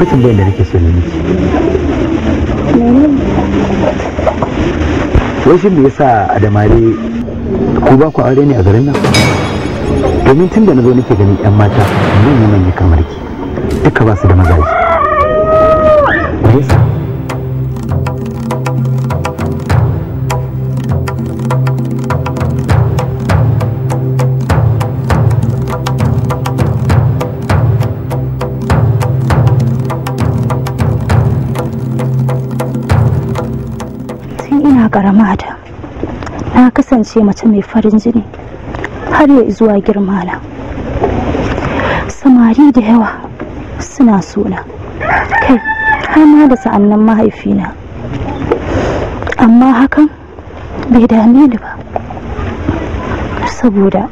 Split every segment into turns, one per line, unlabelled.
akwai tambayar da nake so ne miki wai shi me yasa adamare ku ba ku aure ne a garin nan domin tun da na zo nake ganin yan mata manyan manya kamar ki duka ba su da mazaji me yasa
kasance mace mai farin jini har ya zuwa girmana samari da yawa suna suna kai har ma da sa'annan mahaifina amma hakan bai dame ni ba saboda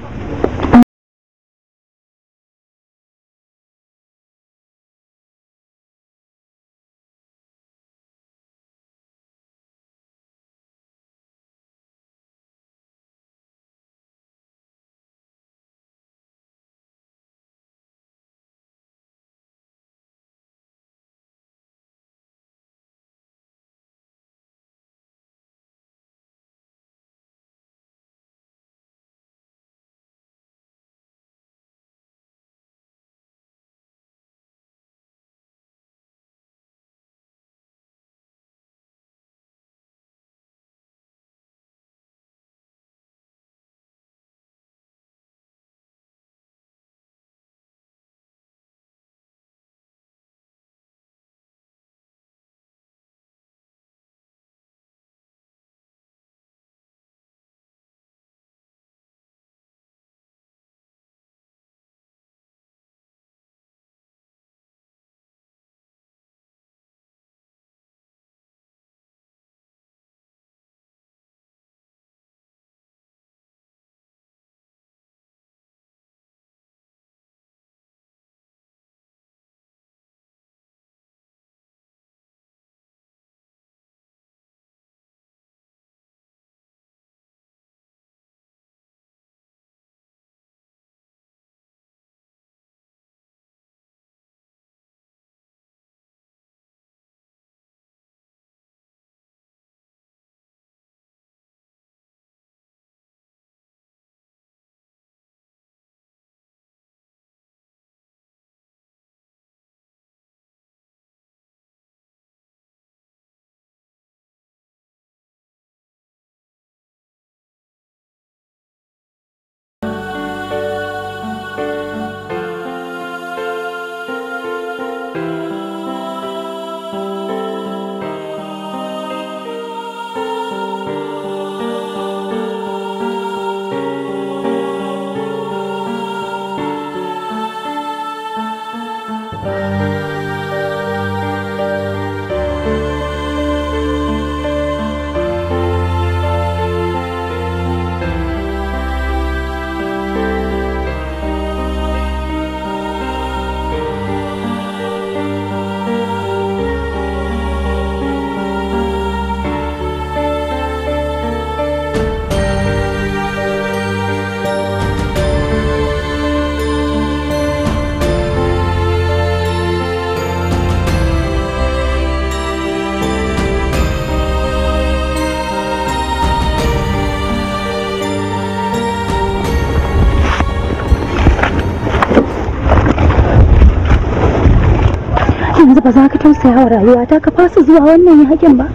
yawa rayuwata ka fasa zuwa wannan yakin ba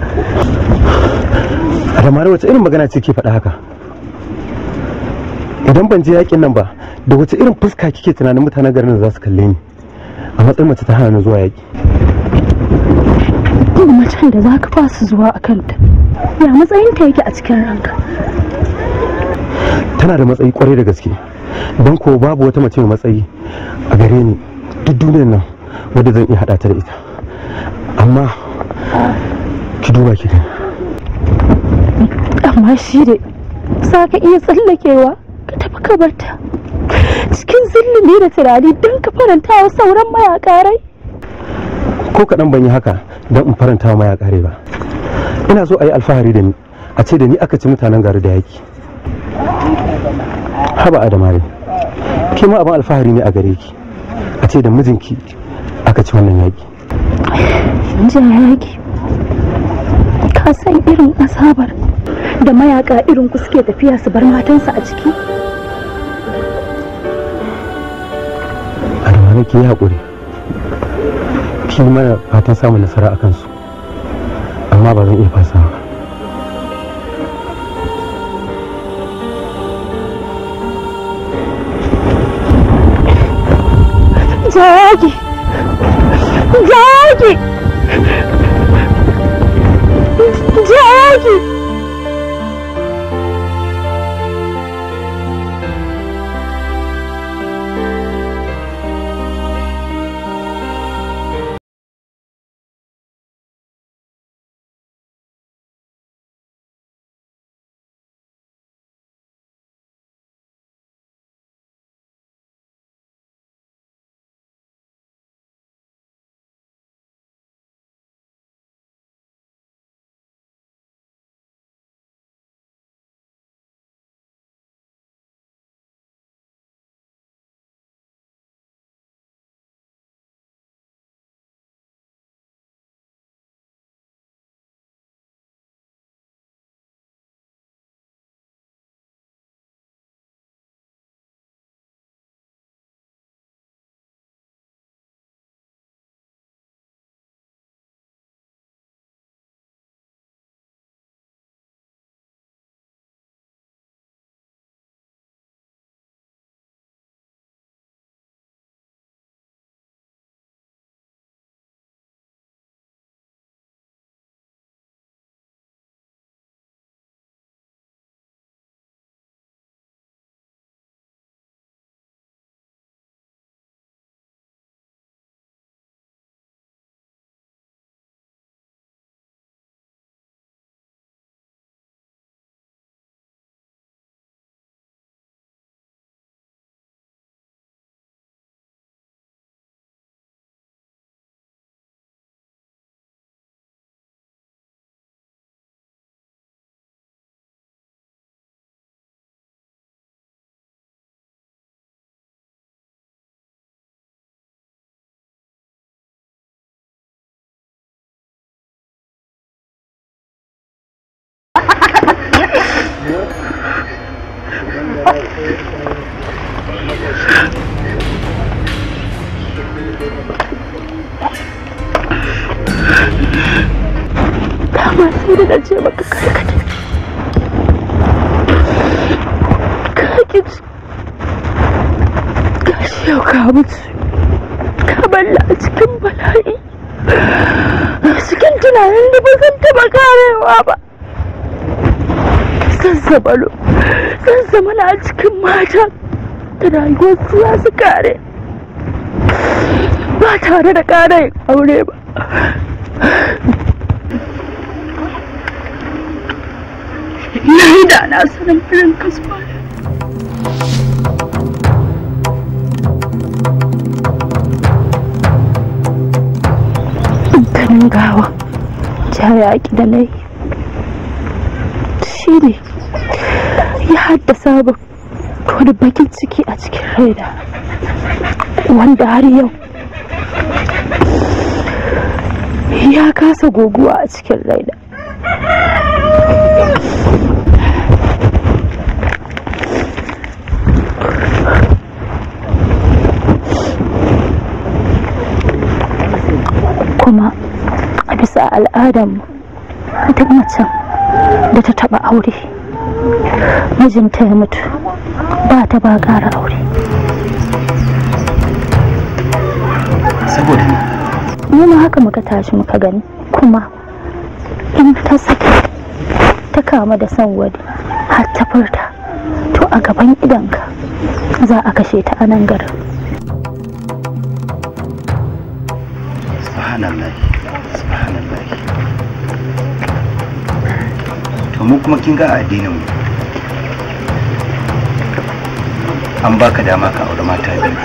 ramar wace irin magana ce ke faɗa haka idan ban je yakin nan ba da wace irin fuska kike tunanin mutanen garin za su kalle ni a matsayin mace ta hana zuwa yaki
kuma macen da za ka fasa zuwa a kanta ya matsayin ta yake a cikin ranka
tana da matsayi kwarai da gaske don ko babu wata mace mai matsayi a gare ni duk duniyar nan wadda zan iya haɗa ta da ita amma ki duba ki gani
amma shi ne za ka iya tsallakewa ka tafi kabarta cikin zillumi da tunani don ka faranta wa sauran mayakarai
ko kaɗan ban yi haka don in faranta wa mayakarai ba ina so a yi alfahari da ni a ce da ni aka ci mutanen gari da yaki haba adamare ke ma abin alfahari ne a gare ki a ce da mijinki aka ci wannan yaki
yaki ka san irin asabar da mayaka irin ku suke tafiya su bar matansa a ciki
alwani ki yi haƙuri ki mana fatan samun nasara a kansu amma ba zan iya fasa
ba jayaki Jack! Jack! dama sai da na yau ka mutu ka a cikin bala'i a cikin tunanin da ba taba karewa ba zan zabalo kan zama na cikin mata da rayuwar su su kare ba tare da ƙara aure ba na yi da na sanin
irin kasuwa ganin gawa
jaya ki da na yi shi ne ya haddasa ba wani bakin ciki a cikin raina wanda har yau ya kasa goguwa a cikin raina kuma a bisa al'adarmu duk macen da ta taba aure mijinta ya mutu ba ta ba ƙara aure saboda mu ma haka muka tashi muka gani kuma in ta saki ta kama da san wani har ta furta to a gaban idanka za a kashe ta a nan garin
to mu kuma kin ga addinin mu an baka dama ka aure mata biyu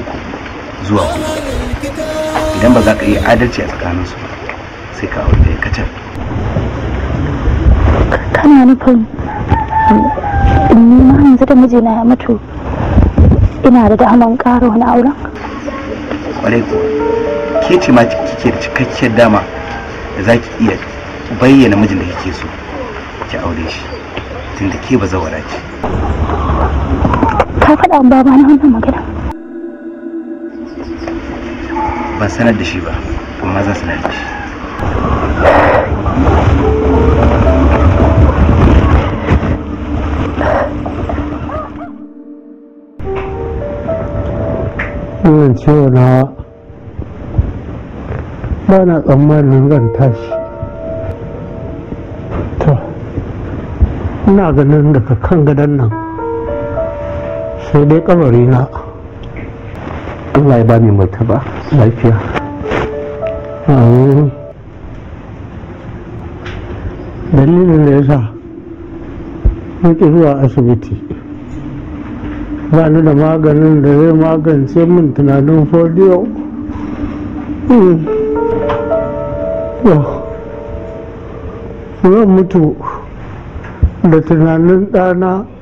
uku zuwa hudu idan ba za ka iya adalci a tsakaninsu ba sai ka auri ɗaya kacal
kana nufin um, in ma yanzu da mijina ya mutu ina da daman ƙara wani auren
kwarai kuwa ke ce ma kike da cikakkiyar dama da za ki iya bayyana mijin da kike so ki aure shi tunda ke ba zawara ce
ka faɗa baba na wannan magana
ba sanar da shi ba amma za sanar da shi
wannan ciwo nawa ba na tsammanin zan tashi to ina ganin daga kan gadon nan sai dai kamari na Allah ya ba ni martaba lafiya dalilin da ya sa muke zuwa asibiti ba ni da maganin da zai magance min tunanin fodiyo hmm. zan mutu da tunanin ɗana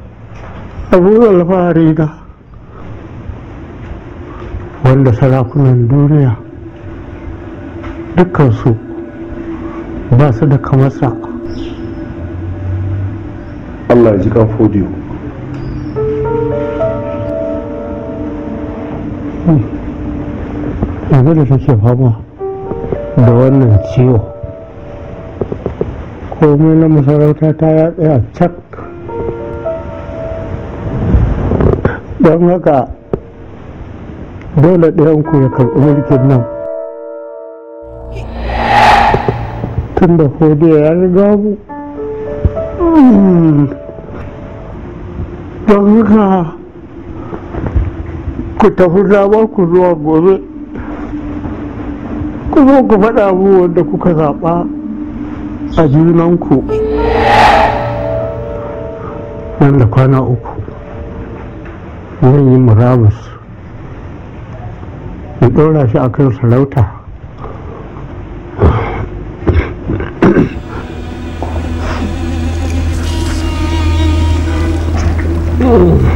abu alfahari ga wanda sarakunan duniya dukansu ba su da kamarsa
allah ya ji kan fodiyo
hmm. yanzu da take fama da wannan ciwo komai na masarauta ta yatsa a cak don haka dole ɗayanku ya karɓi mulkin nan tun da hodiya ya riga mu don haka ku tafi zama ku zuwa gobe ku zo ku faɗa mu wanda kuka zaɓa a junanku nan da kwana uku zai yi murabus in ɗora shi a kan sarauta
Oh.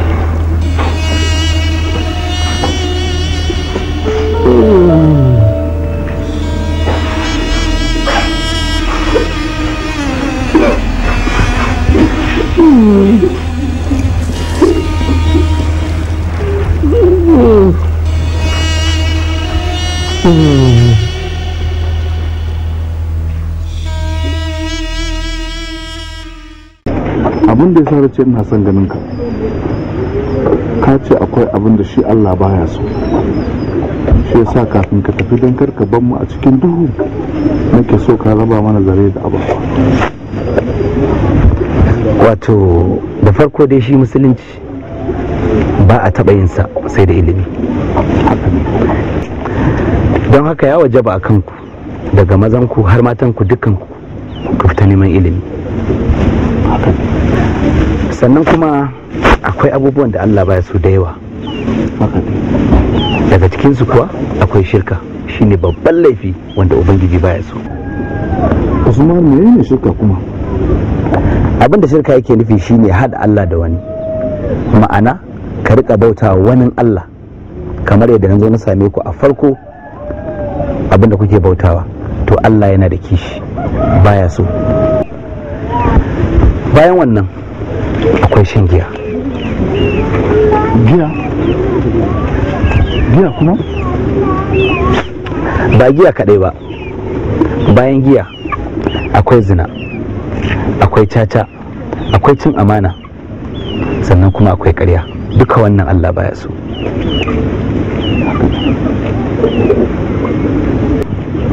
da ce ina son ganin ka ka ce akwai abin da shi Allah baya so shi yasa kafin ka tafi don karka bar mu a cikin duhu nake so ka raba mana zare da abu wato
da farko dai shi musulunci ba a taɓa yin sa sai da ilimi don haka ya waje ba a kanku daga mazanku har matanku dukanku ku fita neman ilimi sannan kuma akwai abubuwan da allah baya su da yawa daga cikinsu kuwa akwai shirka shine babban laifi wanda ubangiji baya so usman menene shirka kuma abin da shirka yake nufi shine hada allah da wani ma'ana ka rika bauta wani allah kamar yadda na zo na same ku a farko abin da kuke bautawa to allah yana da kishi baya so bayan wannan akwai shan giya giya giya kuma ba giya kadai ba bayan giya akwai zina akwai caca akwai cin amana sannan kuma akwai karya duka wannan allah baya so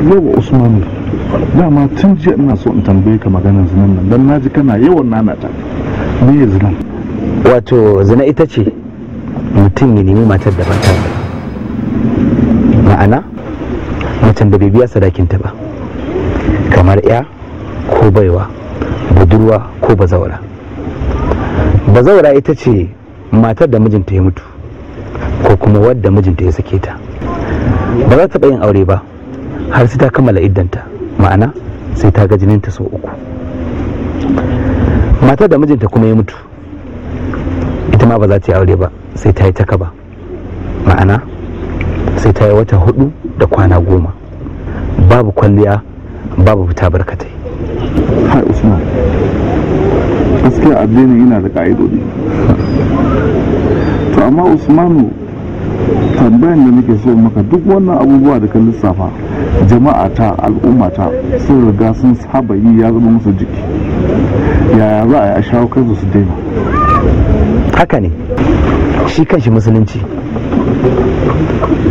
yau usmanu dama tun jiya ina so in tambaye ka maganar zinan nan don na kana yawan nanata ne zina wato zina ita ce mutum ya nemi matar da bata
ma'ana macen da bai biya ta ba kamar ya ko baiwa budurwa ko bazaura bazaura ita ce matar da mijinta ya mutu ko kuma wadda mijinta ya sake ta ba za ta yin aure ba har sai ta kammala iddanta ma'ana sai ta ga jininta sau uku mata da mijinta kuma ya mutu ita ma ba za ta yi aure ba sai ta yi taka ba ma'ana sai ta yi wata hudu da kwana goma babu kwalliya
babu fita barkatai har usman gaskiya addini yana da ka'idodi to amma usmanu tambayan da nake so maka duk wannan abubuwa da ka lissafa jama'a ta al'umma ta sun riga sun saba yi ya zama musu jiki ya za a shawo kansu su daina
haka ne shi kanshi musulunci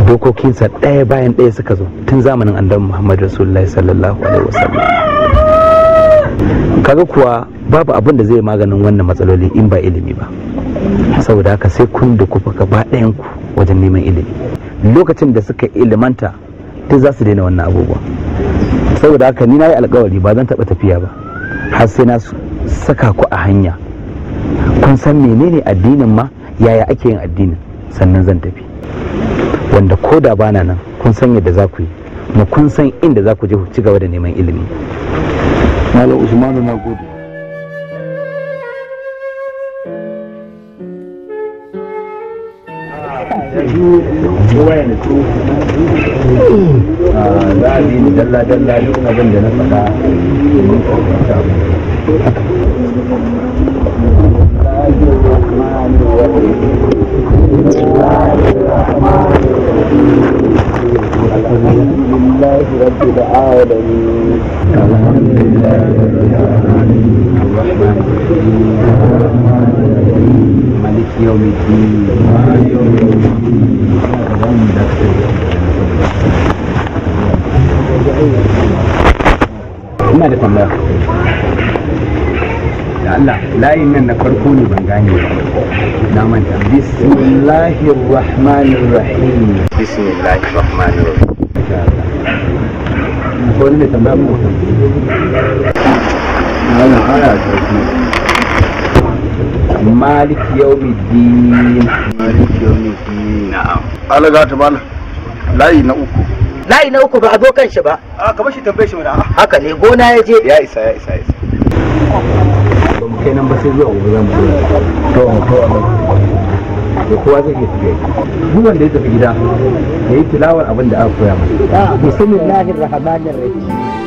dokokinsa ɗaya bayan ɗaya suka zo tun zamanin annabi Muhammadu rasulullahi sallallahu alaihi wasallam kaga kuwa babu abin da zai maganin wannan matsaloli in ba ilimi ba saboda haka sai kun da kufa gaba ɗayan ku wajen neman ilimi lokacin da suka ilimanta duk za su daina wannan abubuwa saboda haka ni na yi alkawari ba zan taɓa tafiya ba har sai na saka ku a hanya kun san menene addinin ma yaya ake yin addinin sannan zan tafi wanda ko da bana nan kun san yadda za ku yi kuma kun san inda za ku je ku ci gaba da neman
ilimi malam usmanu na gode
وين
za a bi ni dalla dalla duk abin da na faɗa
الحمد لله رب العالمين الحمد لله رب العالمين الرحمن الرحيم مالك يوم الدين
مالك الله لا لا إننا كركوني بنغاني نعم بسم الله الرحمن الرحيم بسم الله الرحمن الرحيم نقول لي تمام هذا هذا malik يوم الدين مالك يوم الدين نعم bala layi na uku layi na uku ba a zo kan shi ba a kamar shi tambaye shi mana haka ne gona ya je إسا isa ba sai zuwa gobe to to kowa zai yi tafiya duk wanda ya tafi gida ya yi tilawar abin da aka koya masa
bismillahir rahmanir rahim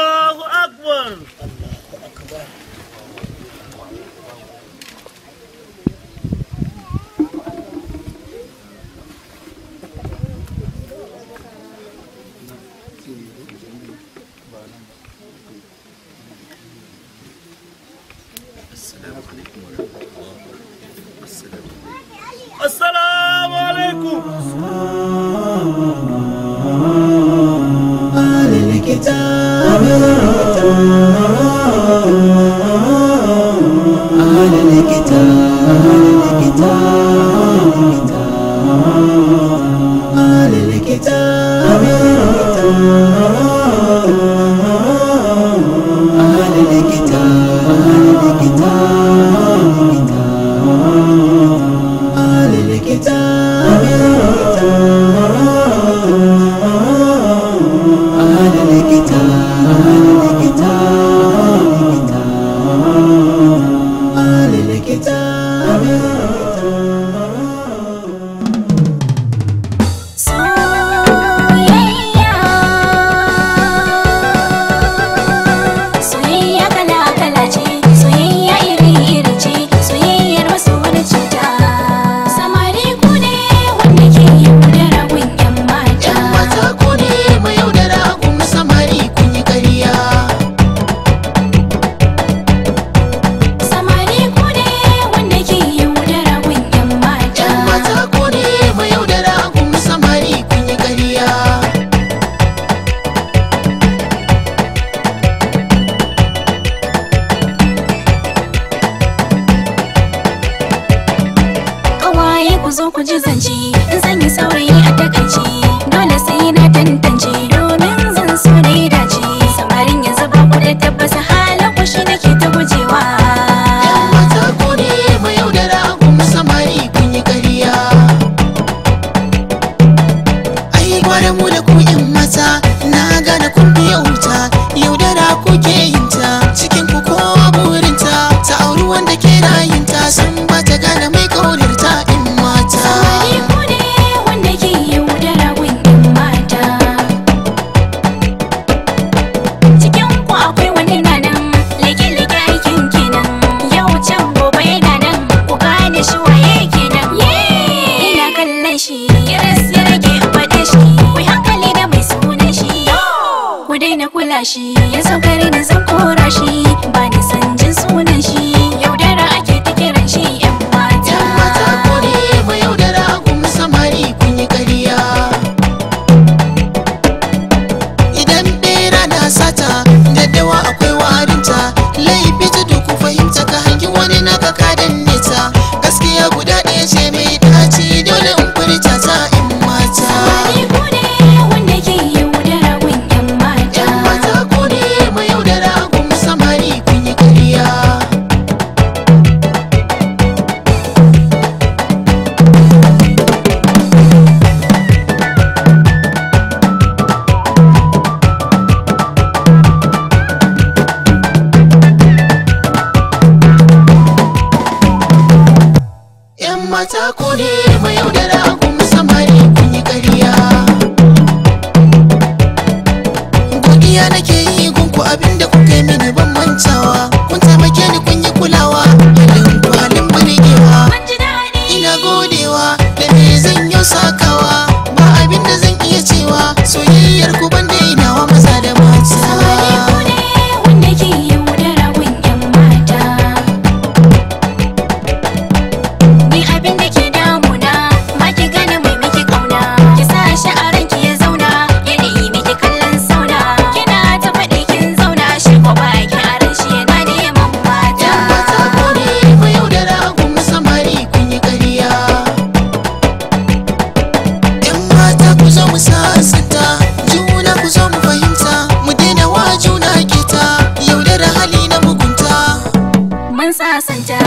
son ta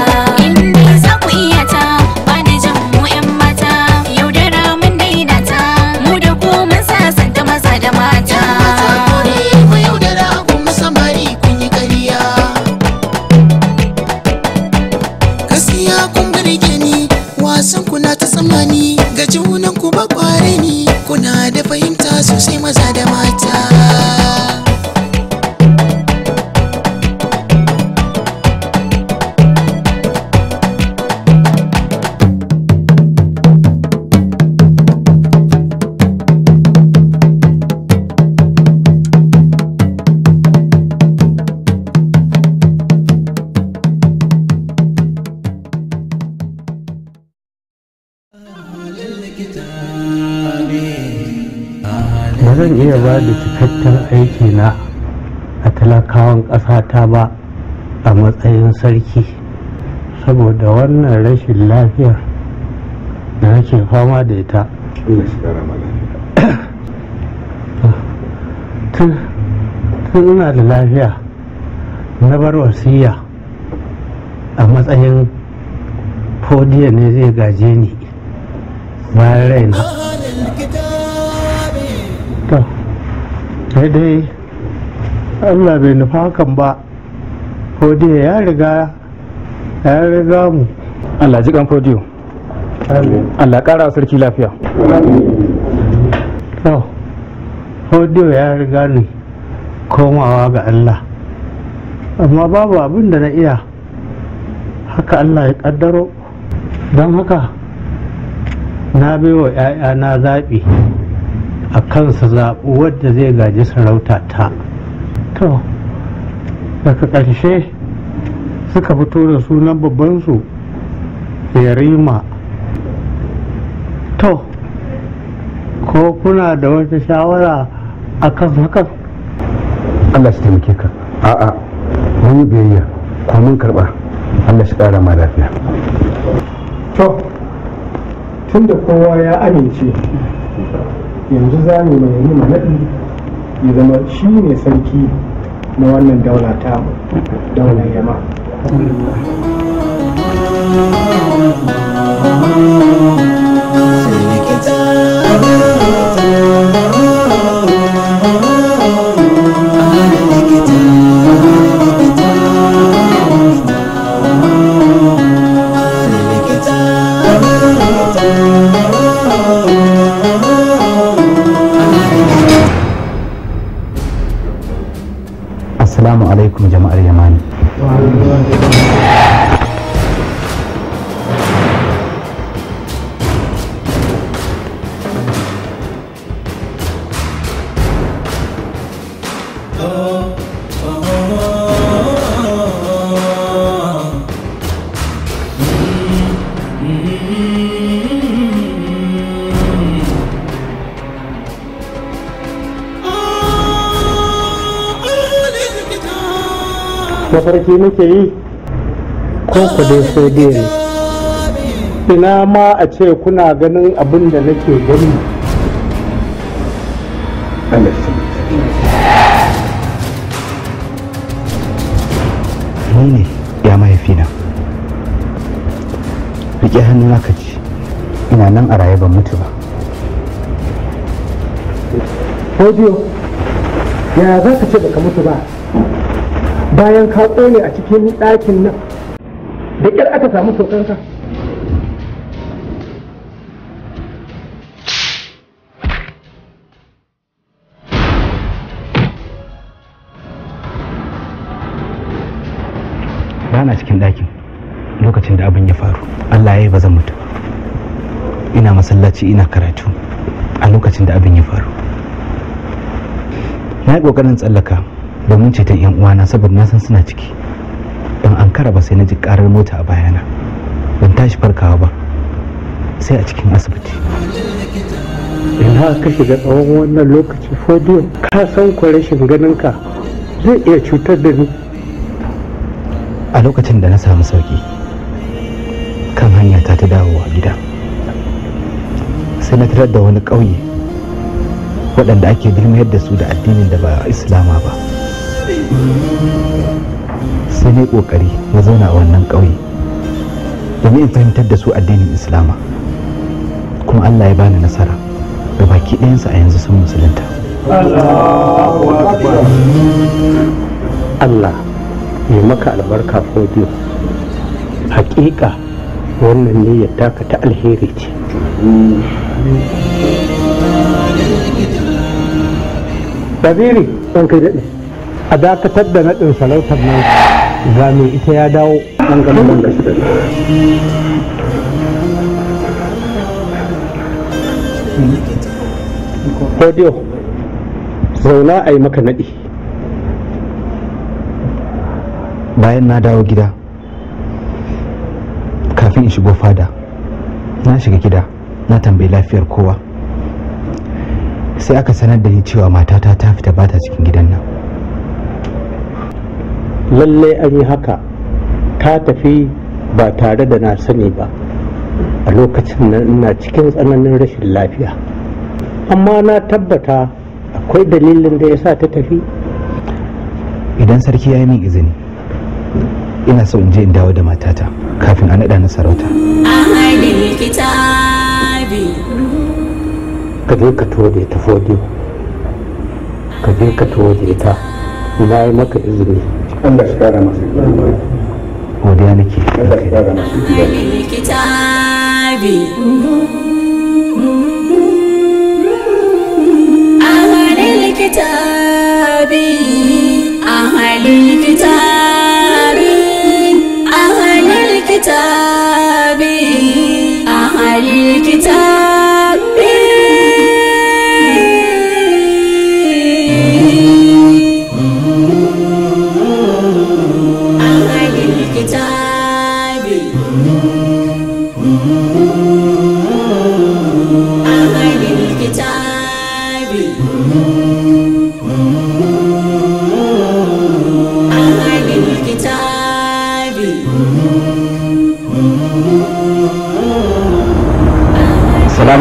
matsayin sarki saboda wannan rashin lafiyar da nake fama da ita tun ina da lafiya na bar wasiya a matsayin fodiya ne zai gaje ni bayan raina to dai allah bai nufa hakan ba fodiyo ya riga ya riga mu Allah ji kan fodiyo Allah kara sarki lafiya to fodiyo ya riga ni komawa ga Allah amma babu abin da na iya haka Allah ya kaddaro don haka na baiwa 'ya'yana zaɓi a kansa zaɓi wadda zai gaji sarauta ta to daga ƙarshe suka fito da sunan babbansu yarima to ko kuna da wata shawara
a kan hakan allah shi taimake ka a'a mun yi biyayya ko mun karɓa allah shi ƙara ma lafiya to da kowa ya amince yanzu za mu mai yi manaɗi ya zama shi ne sarki na wannan
daula ta daular yamma Thank you. mafarki muke yi ko ku dai sai dai ina ma a ce kuna ganin abin da nake gani ni
ne ya nan. riƙe hannu na ci ina nan a raye ban mutu ba
Fodiyo, ya za ka ce ka mutu ba bayan ka ƙone a cikin ɗakin nan da ƙyar aka samu sauƙansa
bana cikin ɗakin lokacin da abin ya faru allah ya yi bazan mutu ina masallaci ina karatu a lokacin da abin ya faru na yi ƙoƙarin tsallaka domin ceton yan uwana saboda na san suna ciki ban an kara ba sai na ji karar mota a bayana ban tashi farkawa ba sai a cikin asibiti
ina ka shiga tsawon wannan lokaci fodiyo ka san ku rashin ganin zai iya cutar da ni a lokacin
da na samu sauki
kan hanya ta ta dawowa gida sai na tarar da wani ƙauye waɗanda ake bilmayar da su da addinin da ba islama ba sai ne kokari ya zauna a wannan ƙauye domin in fahimtar da su addinin islama kuma allah ya bani nasara ga baki ɗayansu
a yanzu sun musulunta allah ya maka albarka fodiyo hakika wannan ne ya taka ta alheri ce babiri ɗan kai daɗe a dakatar da naɗin sarautar nan ga mai ita ya dawo Kodiyo, zauna a yi maka naɗi.
Bayan na dawo gida, kafin in shigo fada, na shiga gida, na tambayi lafiyar kowa. Sai aka sanar da ni cewa matata ta fita bata cikin gidan nan.
Lallai an yi haka ta tafi ba tare da na sani ba a lokacin na ina cikin tsananin rashin lafiya amma na tabbata akwai dalilin da ya sa ta tafi idan
sarki ya yi min izini ina so in je in dawo da matata kafin a naɗa na sarauta
ka je ka tuwo da ita fodiyo ka je ka tuwo da ita bai maka izini
wanda shi kara masu godiya nake Allah shi kara masu
kitabi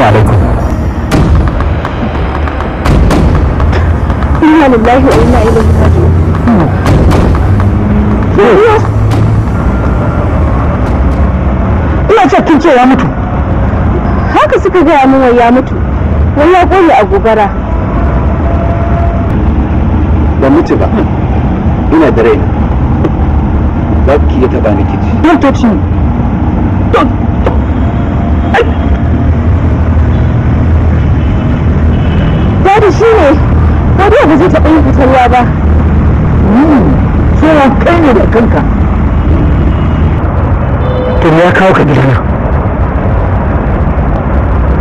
alaikum
inna ina ce ce ya mutu haka suka gaya min wai ya mutu wai ya koyi a gobara
ba mutu ba ina
da rai za ki iya taba
kici da shi ne ba da ba zai taɓa yin fitarwa ba tsoron hmm, kai ne da kanka to ya kawo ka gidana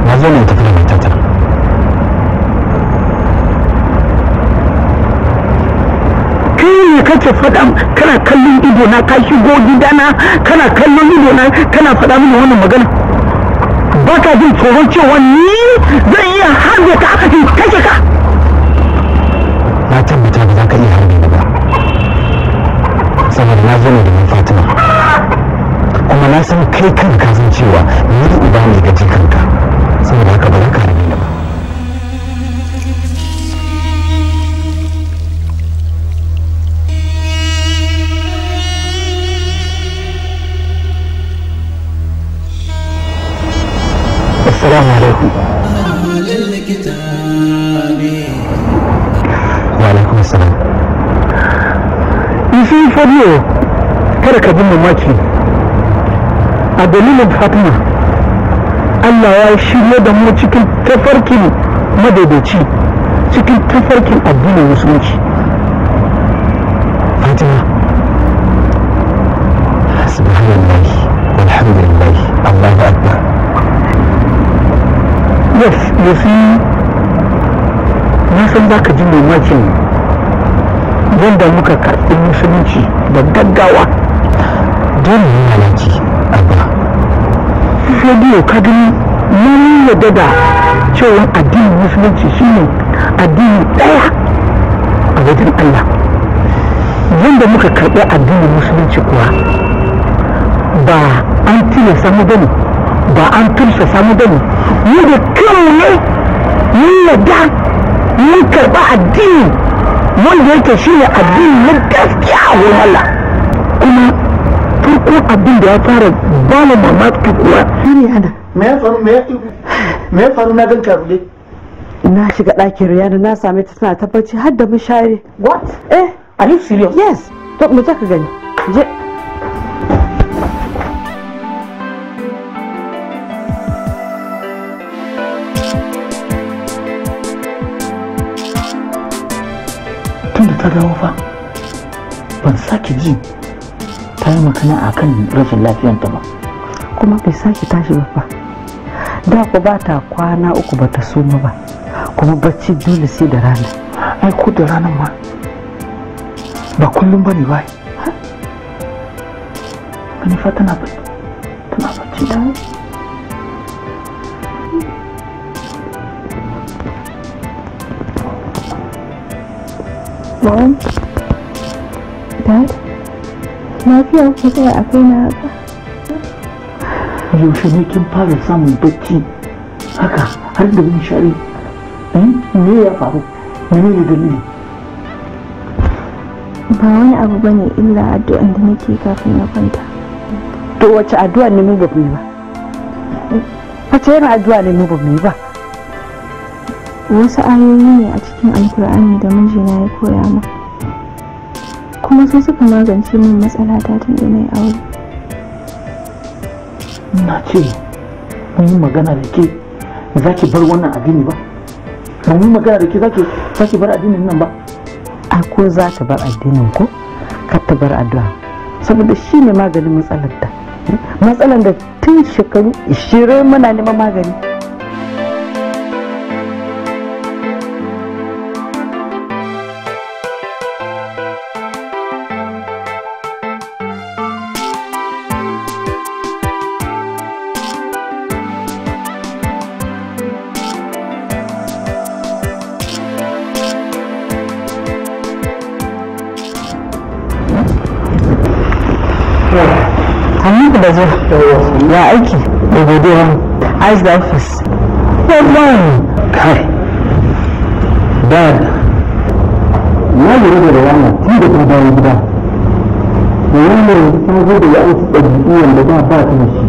na zo ne tafi da matata kai ne kake faɗa kana kallon ido na ka shigo gidana kana kallon ido na kana faɗa mini wannan magana ba ka jin tsoron cewa ni zai iya harbe ka aka jin kashe ka na tabbata ba za ka iya harbe ba saboda na zo ne domin fatima kuma na san kai kanka zan cewa ni uba ne ga jikanka saboda haka ba za ka السلام عليكم وعليكم السلام يسي فريو كرك ابن Allah ya shirya da mu cikin tafarkin madaidaici cikin tafarkin addinin musulunci yes you see na san za ka ji mamakin yadda muka karɓi musulunci da gaggawa dole yi halarci abba rediyo ka gani mun yadda da cewa addinin musulunci shine addini ɗaya a wajen allah yadda muka karɓi addinin musulunci kuwa ba an tilasta mu bane ba an tursa samu bane mu da kanmu ne mun yadda mun karba addini wanda yake shi ne addini na gaskiya a wurin kuma farko abin da ya fara ba mu mamaki
kuwa shine ana me ya faru me ya faru na ganka rule na shiga ɗakin riyana
na same ta tana tabbaci har da mun share what eh are you serious yes
to mu ta ka gani je
ta dawo fa ban sake ji ta yi magana a kan rashin ta ba kuma bai
sake tashi ba fa da ku ba ta kwana uku ba ta soma ba kuma bacci dole sai da rana ai ko da ranar ma ba kullum ba ne ba manufa tana bacci
ta
Mom? Dad? Lafiya ku kai akwai na haka?
Yaushe ne kin fara samun bacci haka har da wani shari? Me ya faru? Mene ne dalili?
Ba wani abu ba ne illa addu'an da nake kafin na kwanta. To wace addu'a ne mu ba mu yi ba?
Wace yana addu'a ne mu ba mu yi ba?
wasu ayoyi ne a cikin alkur'ani da mijina ya koya min kuma sai suka magance min matsala ta tun da mai aure
na ce mun yi magana da ke za ki bar wannan addini ba mun yi magana da ke za ki bar addinin nan ba a ko za ta bar addinin ko ka ta bar addu'a saboda shi ne maganin matsalar ta matsalar da tun
shekaru 20 muna neman magani
ya aiki da godiya ice da office wallahi kai Da na lura da wannan tun da ta dawo gida wannan yanzu ta zo da ya aiki wanda da ba ba ta da shi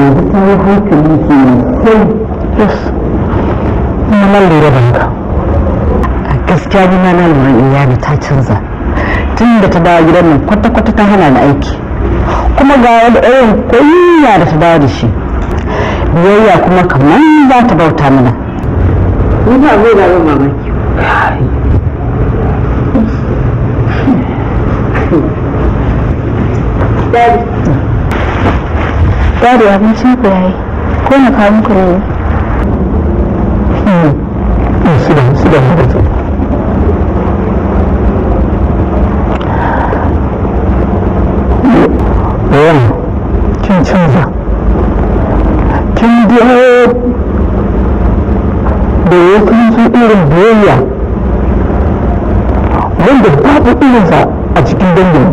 yanzu ta yi hankali sosai yes na nan lura da haka gaskiya ni na lura iyali ta canza tun da ta dawo gidan nan kwata-kwata ta hana ni aiki kuma ga wani irin kunya da ta ba da shi biyayya kuma kamar za ta bauta mana ni ya zai da ban yayi
ko na kawo muku ne?
Hmm. Hmm, da soyayya wanda babu irinsa a cikin dangin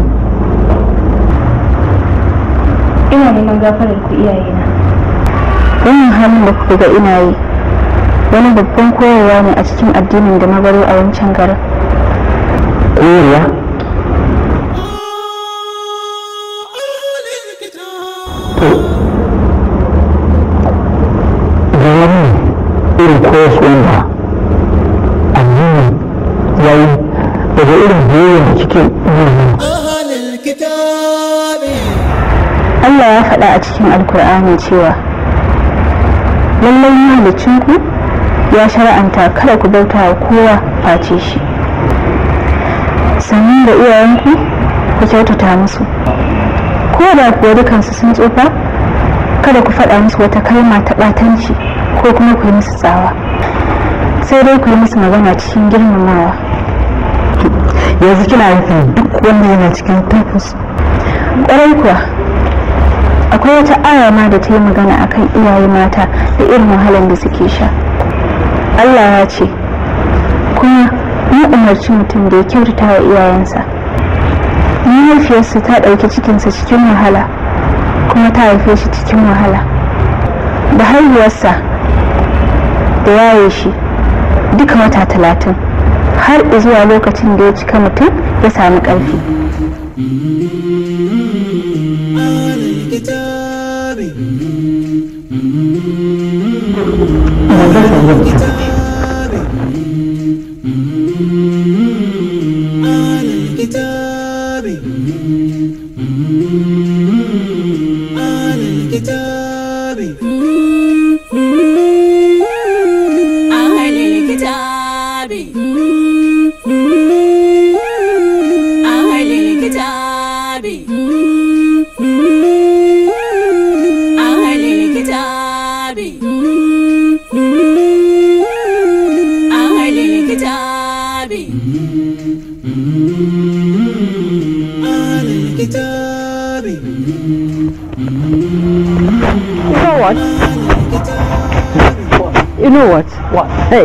ina neman gafarar ku iyayena wannan halin da kuka ga ina yi wani babban koyarwa ne a cikin addinin da na baro a wancan garin koyarwa cikin alkur'ani cewa lallai mahalicinku ya shara'anta kada ku bauta wa kowa face shi sannan da iyayenku ku kyautata musu ko da kuwa dukansu sun tsufa kada ku faɗa musu wata kalma ta ɓatanci ko kuma ku yi musu tsawa sai dai ku yi musu magana cikin girmamawa yanzu kina nufin duk wanda yana cikin su ƙwarai kuwa akwai wata aya ma da ta yi magana akan iyaye mata da irin wahalar da suke sha Allah ya ce kuma ya umarci mutum da ya kyautata wa iyayensa mahaifiyarsa ta ɗauki cikinsa cikin wahala kuma ta haife shi cikin wahala da haihuwarsa da yaye shi duka wata talatin har zuwa lokacin da ya cika mutum ya sami ƙarfi
образом.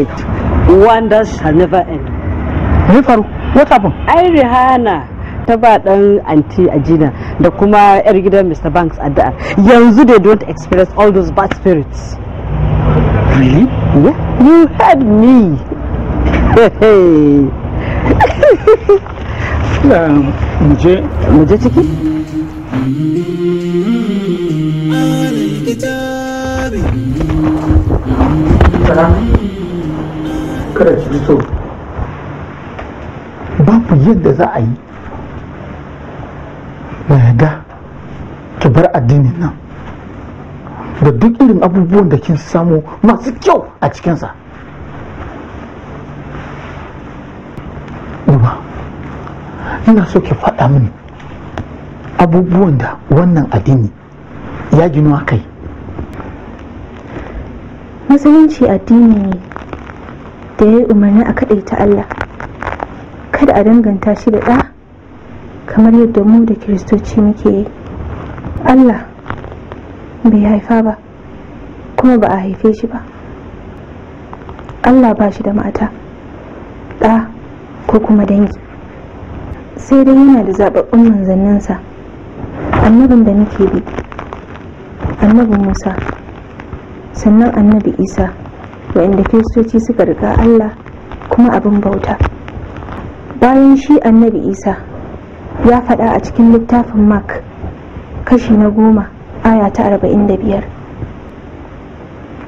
night wonders shall never end me faru what happened I rihanna ta ba dan anti ajina da kuma yar gidan mr banks addu'a yanzu they don't experience all those bad spirits really yeah you had me
muje muje ciki
Salam. shekarar so
babu yadda za a yi na yaga ki bar addinin nan da duk irin abubuwan da kin samu masu kyau a cikinsa uba ina so ki faɗa min abubuwan da wannan addini ya ginuwa kai musulunci addini ne
da ya yi umarni a kaɗai ta Allah kada a danganta shi da ɗa kamar yadda mu da kiristoci muke yi Allah bai haifa ba kuma ba a haife shi ba Allah ba shi da mata ɗa ko kuma dangi sai dai yana da zaɓaɓɓun manzanninsa annabin da muke bi annabin musa sannan annabi isa wa'inda kiristoci suka riga allah kuma abin bauta bayan shi annabi isa ya faɗa a cikin littafin mark kashi na goma aya ta arba'in da biyar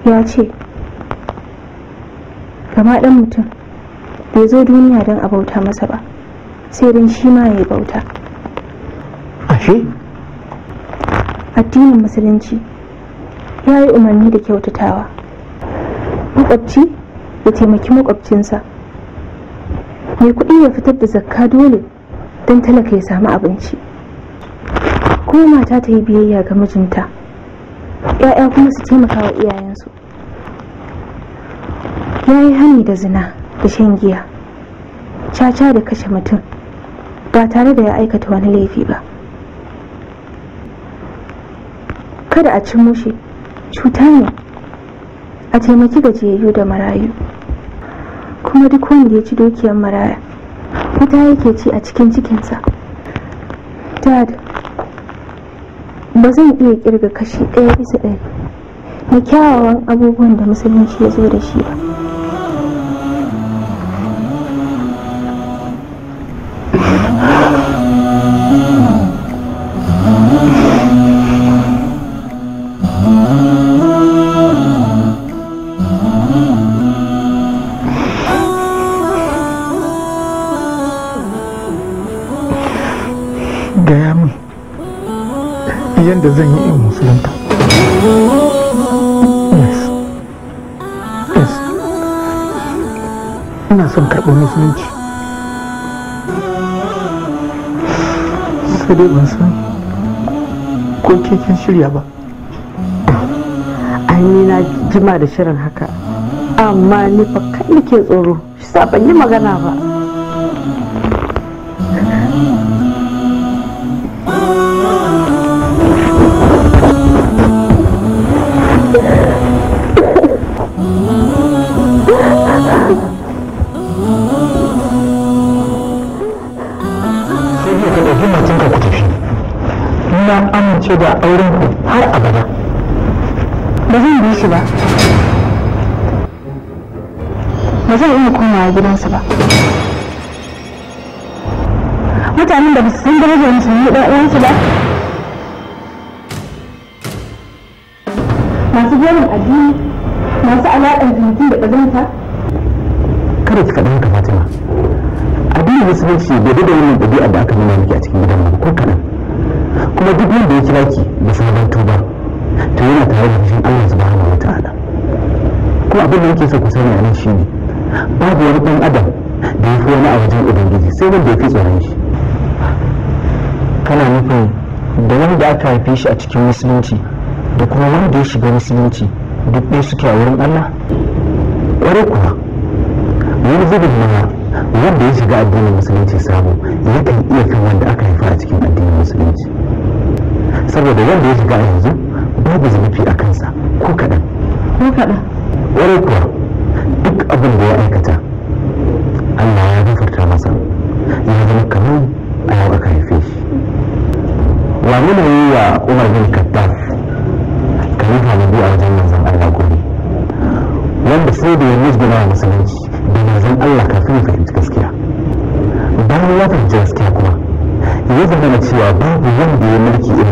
ya ce gama ɗan mutum bai zo duniya don a bauta masa ba sai don shi ma ya bauta ashe addinin musulunci ya yi umarni da kyautatawa makwabci ya taimaki makwabcinsa mai kuɗi ya fitar da zakka dole don talaka ya samu abinci kuma mata ta yi biyayya ga mijinta ‘ya'ya kuma su taimaka wa iyayensu ya yi hani da zina da shan giya caca da kashe mutum ba tare da ya aikata wani laifi ba kada a ci mushe cuta ne a taimaki gajiyayyu da marayu kuma duk wanda ya ci dukiyar maraya wuta yake ci a cikin cikinsa dad ba zan iya kirga kashi ɗaya bisa ɗari na kyawawan abubuwan da musulunci ya zo da shi ba
san ko ke kin shirya ba
ai ni na jima da shirin haka amma ni fa kai nake
tsoro shi ban yi magana ba
ce da auren ku har abada ba zan bi shi ba
ba zan iya komawa gidansa ba mutanen da ba su san darajar musulmi ɗan uwansu ba masu jerin addini masu alaƙar jirgin da ƙazanta
kada ki kaɗan ka fatima addinin musulunci bai da wani ɗabi'a da aka nuna miki a cikin gidan mu ko kaɗan kuma duk wanda ya kiraki ki da sabon tuba to yana tare da fushin Allah subhanahu wa ta'ala kuma abin da yake so ku sani a nan shine babu wani dan adam da ya fi wani a wajen ubangiji sai wanda ya fi tsoron shi
kana nufin da wanda aka haife shi a cikin musulunci da kuma wanda ya shiga musulunci duk ɗaya suke a wurin Allah ƙwarai kuwa
wani zubin ma wanda ya shiga addinin musulunci sabo yakan iya kan wanda aka haifa a cikin addinin musulunci saboda wanda ya shiga yanzu babu zunubi a kansa
ko kaɗan ko
kaɗan wani kuwa duk abin da ya aikata Allah ya gafarta masa ya zama kamar a yau aka haife shi wa nuna yi wa Umar bin Kaddaf kalifa na biyu a wajen manzon Allah gobe wanda sai da ya musguna wa musulunci da manzon Allah kafin ya fahimci gaskiya bayan ya fahimci gaskiya kuma ya zama na cewa babu wanda ya mulki irin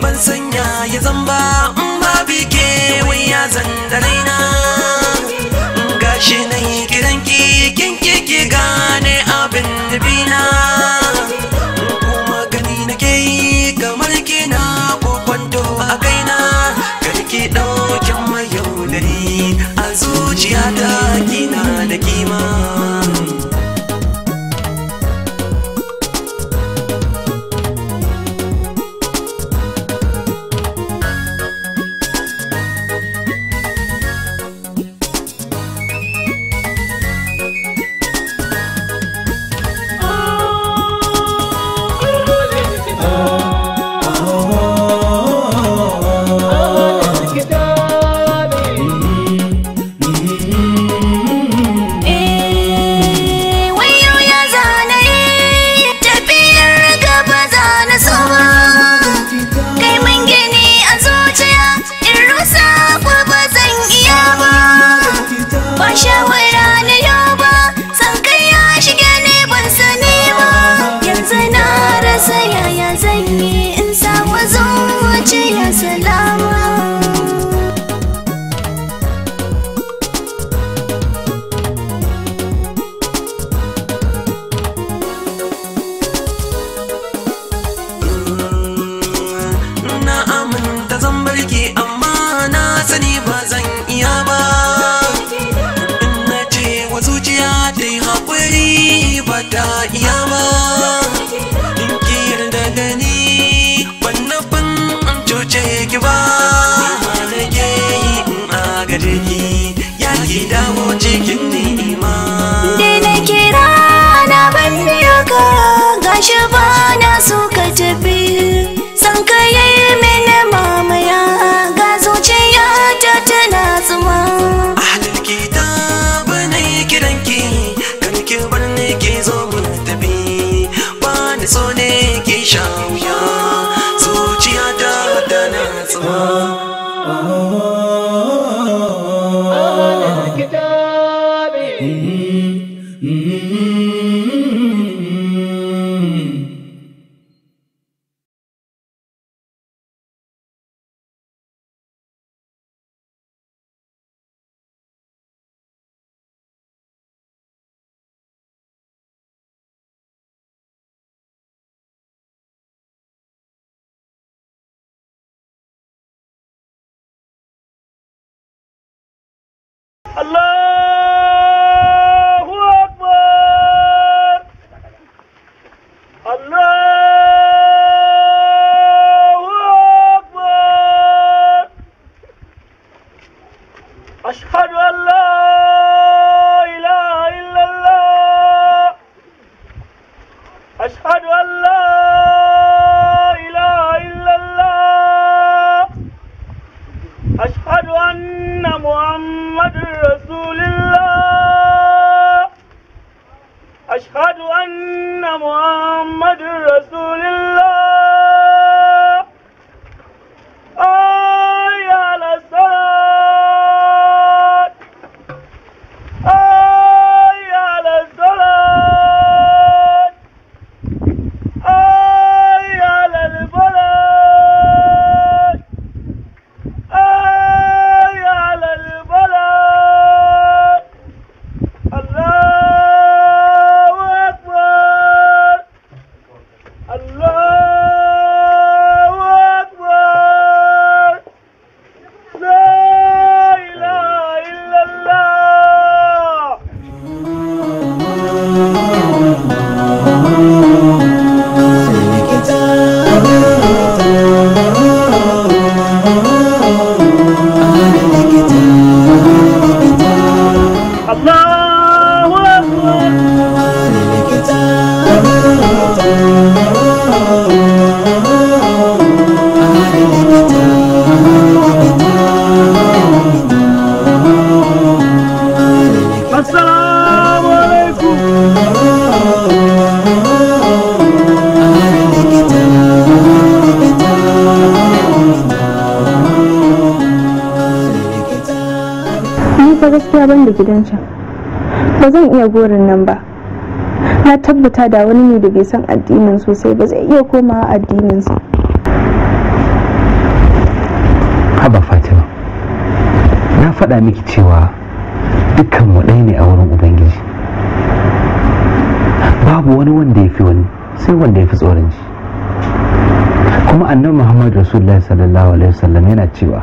ban sanya ya zamba in ba bike wai ya raina gashi na yi kiran ki kin ki gane abin da bi na kuma gani nake yi kamar kina ko kwanto a kaina karki daukin mayaudari a zuciyata
Hello!
yi fa gaskiya ban da gidan can ba zan iya gorin nan ba na tabbata da wani ne da bai san addinin sosai ba zai iya komawa addininsa
haba fatima na faɗa miki cewa dukkan mu ɗaya ne a wurin ubangiji babu wani wanda ya fi wani sai wanda ya fi tsoron shi kuma annabi muhammad rasulullah sallallahu alaihi wasallam yana cewa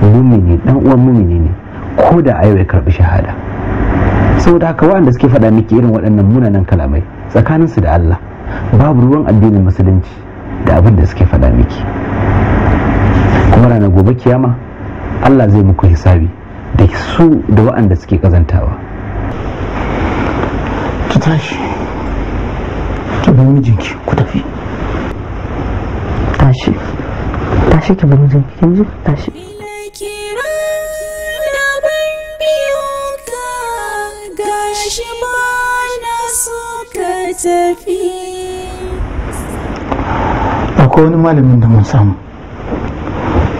mumini dan uwan mumini ne ko da a yau ya karɓi shahada saboda haka waɗanda suke faɗa miki irin waɗannan munanan kalamai tsakaninsu da Allah babu ruwan addinin musulunci da abin da suke faɗa miki kuma ranar gobe kiyama Allah zai muku hisabi da su da waɗanda suke kazantawa
ki tashi
ki bi mijinki ku tafi tashi tashi ki bi mijinki kin tashi tafi akwai wani malamin da mun samu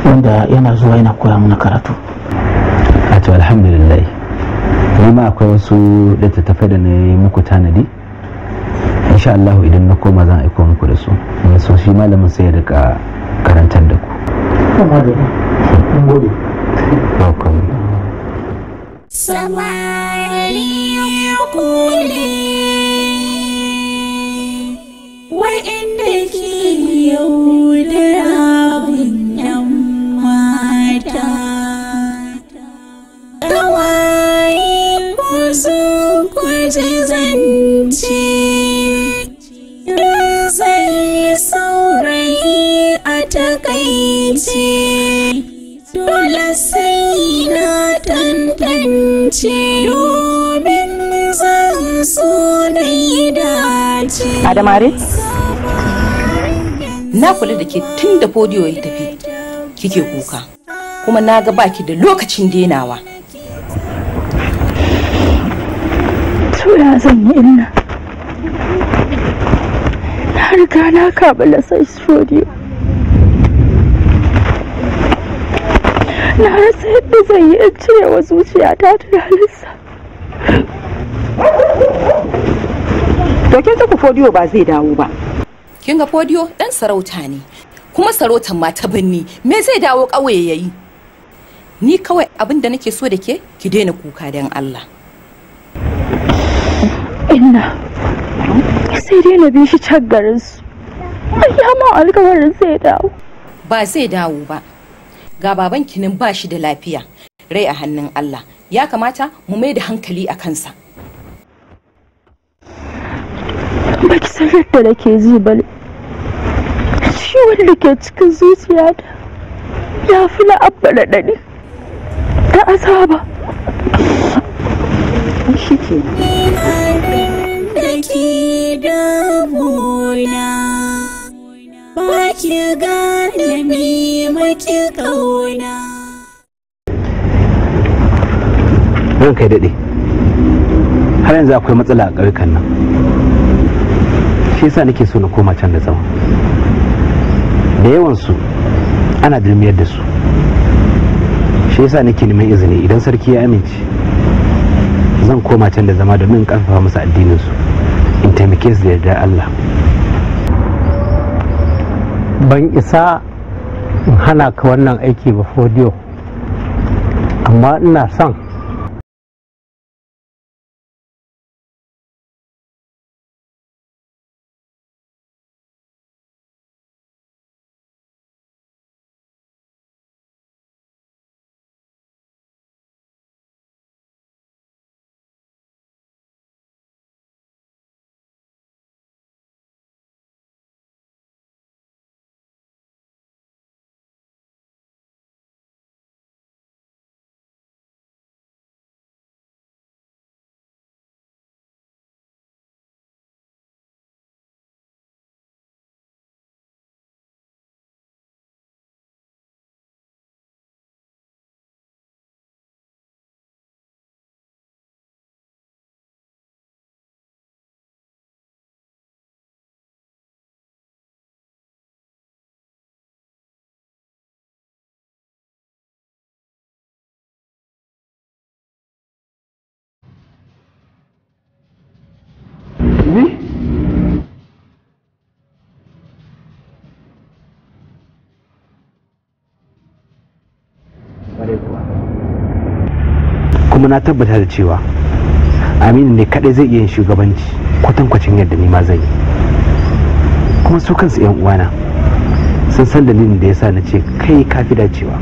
wanda yana zuwa yana koya mana karatu a to alhamdulillah
ni ma akwai wasu littattafai da na yi muku tanadi insha Allah idan na koma zan aiko muku da su so shi malamin sai ya rika karantar da ku
Samari kuli
wa'inda ke yaudara bin yan mata ƙawaye ko su kwace zance rasai saurayi a takaice dole sai na tantance
domin zan so na yi dace. Adamare? na kula da ke tun da fodiyo ya tafi kike kuka kuma na ga baki da lokacin denawa
tura zan yi inna na riga na kabila sai fodiyo na rasa yadda zan yi in cirewa zuciyata
tunaninsa
to kin saka fodiyo ba zai dawo ba
kin ga fodiyo dan sarauta ne kuma sarautar ma ta binni me zai dawo ƙauye yayi ni kawai abin da nake so da ke ki daina kuka don Allah
inna sai dai na bi shi can garin su ya ma alkawarin zai dawo
ba zai dawo ba ga baban kinin ba shi da lafiya rai a hannun Allah ya kamata mu mai da hankali a kansa
ba ki san yadda nake ji ba ne shi wanda ke cikin zuciya da ya fi la'abba da ta asaba
shi ke ba ki
gane
kauna
kai daɗe har yanzu akwai matsala a ƙauyukan nan shi yasa nake so na koma can da zama da yawansu ana dilmiyar da su shi yasa nake neman izini idan sarki ya amince zan koma can da zama domin karfafa masa addinin su in taimake su da
yarda Allah ban isa in hana ka wannan aiki ba fodiyo amma ina son
kuma na tabbata da cewa aminu ne kadai zai iya yin shugabanci kwatankwacin yadda ni ma zai kuma su kansu yan uwana sun san dalilin da ya sa na ce kai kafi dacewa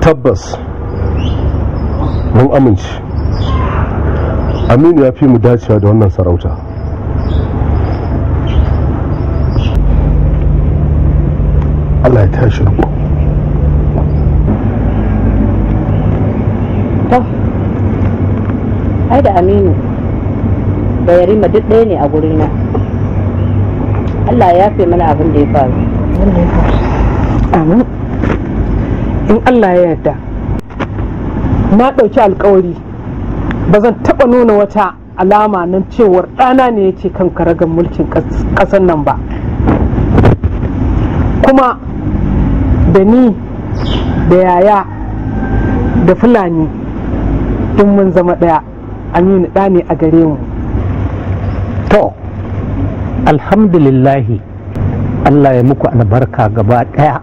tabbas mun amince aminu ya fi mu dacewa da wannan sarauta Allah ya tashi
ku
to
ai da aminu da yarima duk ɗaya ne a na.
Allah ya fi mana abin da ya faru
amin in Allah ya yarda na ɗauki alkawari ba zan taɓa nuna wata alama nan cewar ɗana ne yake kan karagan
mulkin ƙasar nan ba kuma da ni da yaya da fulani tun mun zama ɗaya aminu ɗa ne a gare mu to
alhamdulillahi allah ya muku albarka gaba ɗaya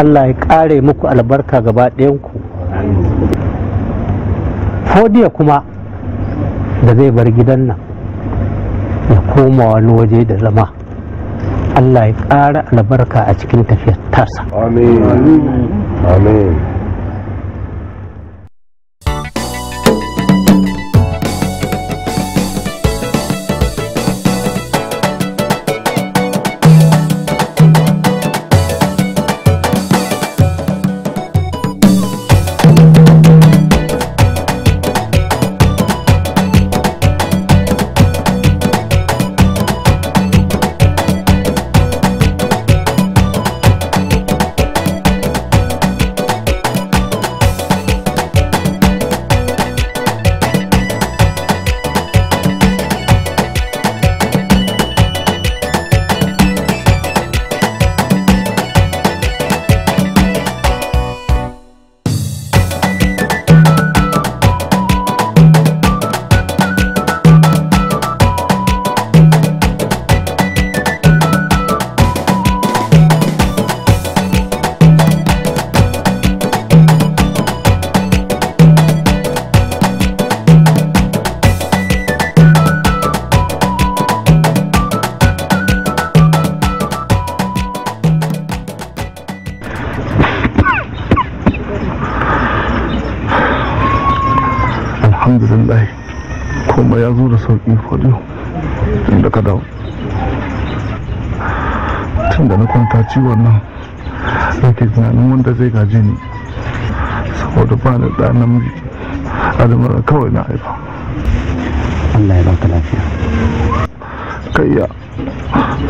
allah ya ƙare muku albarka gaba ɗayanku fodiya kuma da zai bar gidan nan ya koma wani waje da zama Allah ya ƙara albarka a cikin tafiyar tasa amin amin
ciwon nan ke tunanin wanda zai gaje ni saboda ba ni da namiji al'amura kawai na haifa Allah ya baka lafiya kayya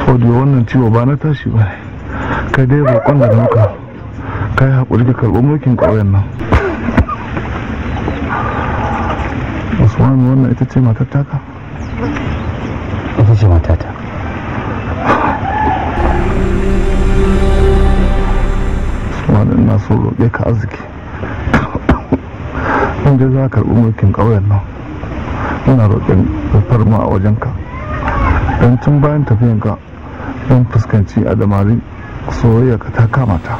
fodiyo wannan ciwo ba na tashi ba ne kai dai roƙon da nuka kai haƙuri ka karɓi mulkin ƙauyen nan usman wannan ita ce matattaka? sun roƙe ka arziki inda za ka karɓi mulkin ƙauyen nan ina roƙin farma a wajenka don tun bayan tafiyanka don fuskanci a damari soyayya ka ta kamata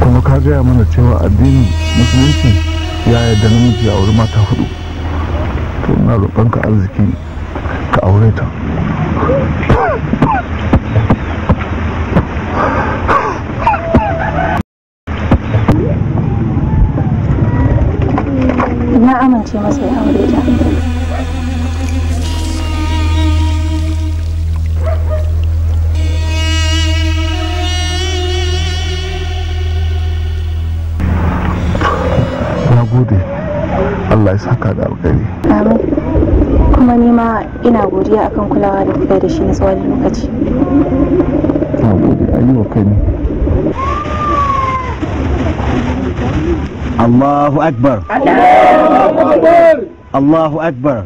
kuma ka gaya mana cewa addinin musulunci ya yarda namiji a wuri mata hudu to ina roƙonka arziki ka aure ta gode allah ya saka da alkhairi
kuma nema ina godiya akan kulawa da kuka da shi na tsawon lokaci
ta gode ayyuka kai ne Allahu Akbar Allahu
Akbar
Allahu Akbar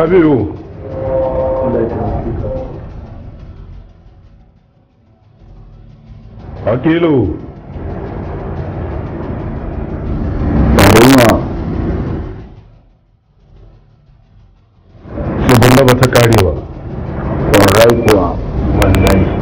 rabi'u akilu haruna su ba ta karewa wa kuwa wallahi